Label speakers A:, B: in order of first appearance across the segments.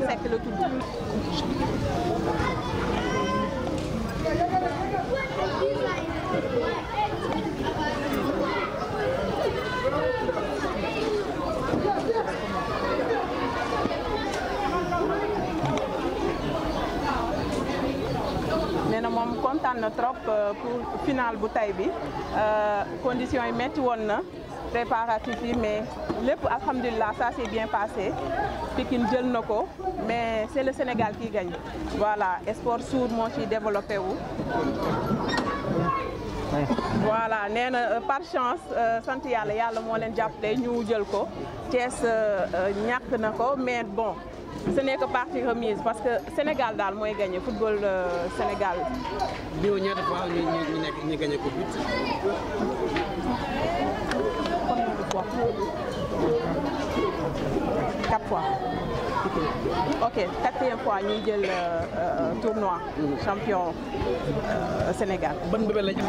A: Assane Seck la tudd. nee na moom kontaan na trop euh, pour final bu tay bi euh, conditions yi metti woon na préparatifs yi mais. lépp alhamdulilah ça s'est bien passé pikin jël na ko mais c'est le Sénégal qui gagne voilà sport sourd moo ciy développé wu. voilà nee na euh, par chance euh, sant yàlla yàlla moo leen jàppale ñu jël ko Thiès euh, ñàkk na ko mais bon ce n'est partie remise parce que Sénégal daal mooy gagné football Sénégal. ñëw ñaata fois ñu ñu nekk ñu gagné coupe fois. ok quatrième fois ñuy jël euh, euh, tournoi. champion euh, Sénégal. ban bébé lañ am.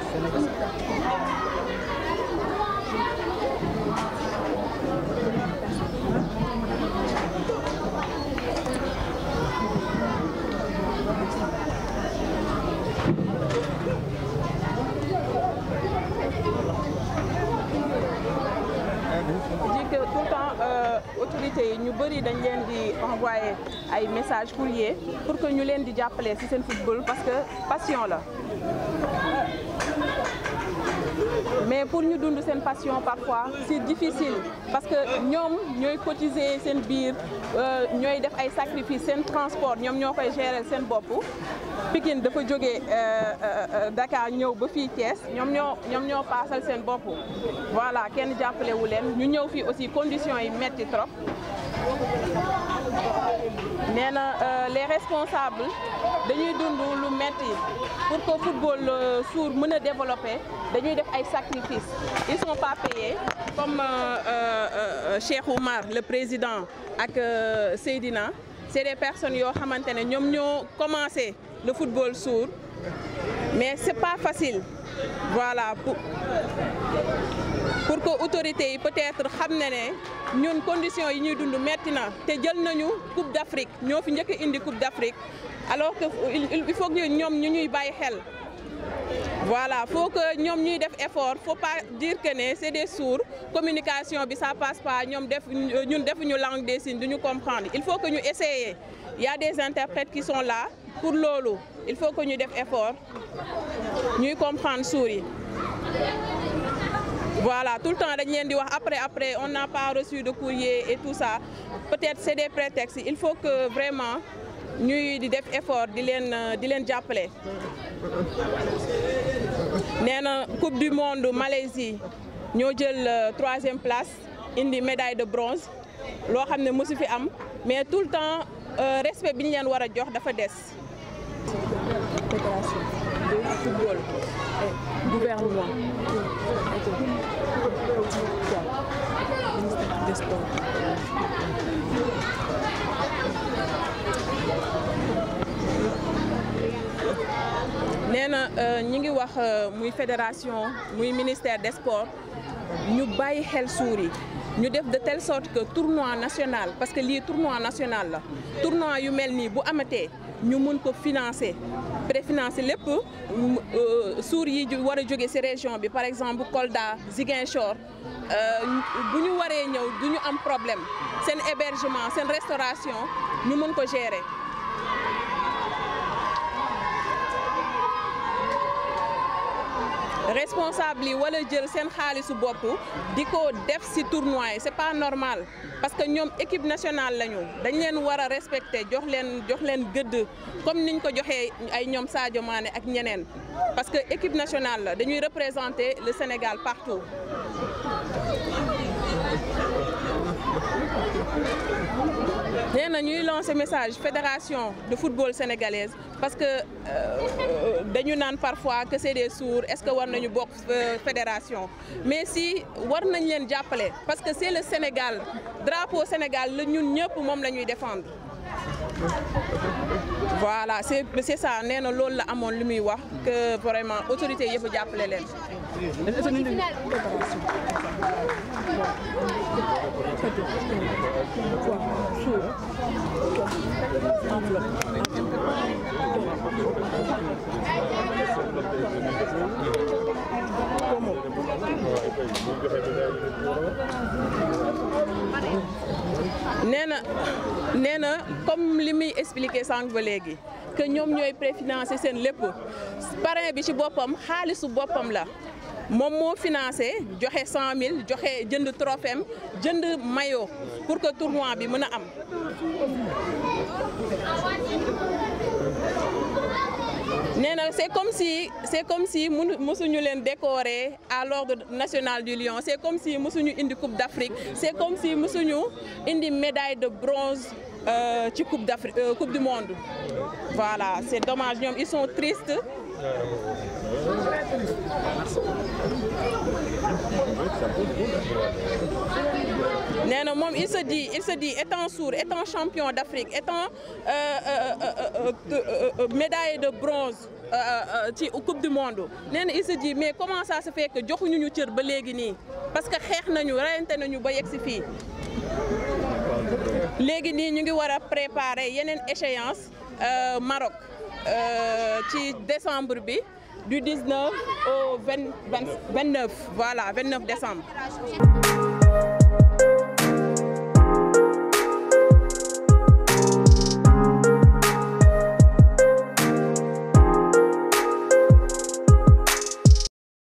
A: Sénégal Sénégal. que tout le euh, autorités yi ñu bëri dañ leen di envoyé ay message courrier pour que ñu leen di jàppale ci seen football parce que passion la mais pour ñu dund seen passion parfois c'est difficile parce que ñoom ñooy cotiser seen biir euh, ñooy def ay sacrifice seen transport ñoom ñoo koy gérer seen bopp Pikine dafa jógee euh, euh, euh, Dakar ñëw ba fii Thiès ñoom ñoo ñoom ñoo paasal seen bopp voilà kenn jàppale leen ñu ñëw fii aussi conditions yi metti trop nee na les responsables dañuy dund lu metti pour que football sourd mën a développé dañuy def ay sacrifices ils sont pas payés comme Cheikh Oumar le président ak Seydina c'est des personnes yoo xamante ne ñoom ñoo commencé le football sourd mais c'est pas facile voilà pour pour que autorités yi peut-être xam na ne ñun conditions yi ñuy dund metti na te jël nañu Coupe d'Afrique ñoo fi njëkk indi Coupe d'Afrique alors que il faut que ñoom ñu ñuy bàyyi xel. voilà faut que ñoom ñuy def effort faut pas dire que ne c'est des sourds communication bi ça passe pas ñoom def ñun defuñu langue des signes duñu comprendre il faut que ñu essayer il y a des interprètes qui sont là pour loolu il faut que ñu def effort ñuy comprendre sourds yi voilà tout le temps dañ leen di wax après après on n'a pas reçu de courrier et tout ça peut-être c'est des prétextes il faut que vraiment ñuy di def effort di leen euh, di leen jàppale nee na coupe du monde Malaisie ñoo jël euh, troisième place indi médaille de bronze loo xam ne mosu fi am mais tout le temps euh, respect bi ñu leen war a jox dafa des. football gouvernement des na euh, ñi ngi wax euh, muy fédération muy ministère des sport ñu bàyyi xel suur yi ñu def de telle sorte que tournoi national parce que lii tournoi national la tournoi yu mel nii bu amatee ñu mun ko financer préfinancer lépp euh, suur yi war a jóge ci région bi par exemple Kolda Ziguinchor bu ñu waree ñëw du ñu am problème seen hébergement seen restauration ñu mun ko gérer responsable yi wala jël seen xaalisu bopp di ko def ci tournoi yi c'est pas normal parce que ñoom équipe nationale lañu dañ leen war a respecter jox leen jox leen gëdd comme niñ ko joxee ay ñoom Sadio Mané ak ñeneen parce que équipe nationale la dañuy représenter le Sénégal partout xëy na ñuy lancer message fédération de football sénégalaise parce que euh, dañu naan parfois que c'est des sourds est-ce que war nañu bokk euh, fédération mais si war nañ leen jàppale parce que c'est le Sénégal drapeau Sénégal la ñun ñëpp moom la ñuy défendre voilà c'est c'est ça nee na loolu la amoon lu muy wax que vraiment autorité yëpp jàppale leen nee na nee na comme li muy expliqué sànq ba léegi que ñoom ñooy préfinancé seen lépp parrain bi ci boppam xaalisu boppam la moom moo financé joxe mille joxe jënd trophée jënd maillot pour que tournoi bi mën a am. nee na c'est comme si c'est comme si mënu mësuñu leen décorer à l'ordre national du lion c'est comme si mësuñu indi coupe d'Afrique c'est comme si mësuñu indi médaille de bronze. Euh, ci coupe d'Afrique euh, coupe du monde voilà c'est dommage ñoom ils sont tristes nee na moom il se dit il se dit étant sourd étant champion d'Afrique étant euh, médaillé de bronze ci coupe du monde nee na il se dit mais comment ça se fait que joxuñu ñu cër ba léegi nii parce que xeex nañu reyante nañu ba yegg si fii léegi nii ñu ngi war a préparer yeneen échéance euh, Maroc euh, ci décembre bi du 19 au 20 voilà décembre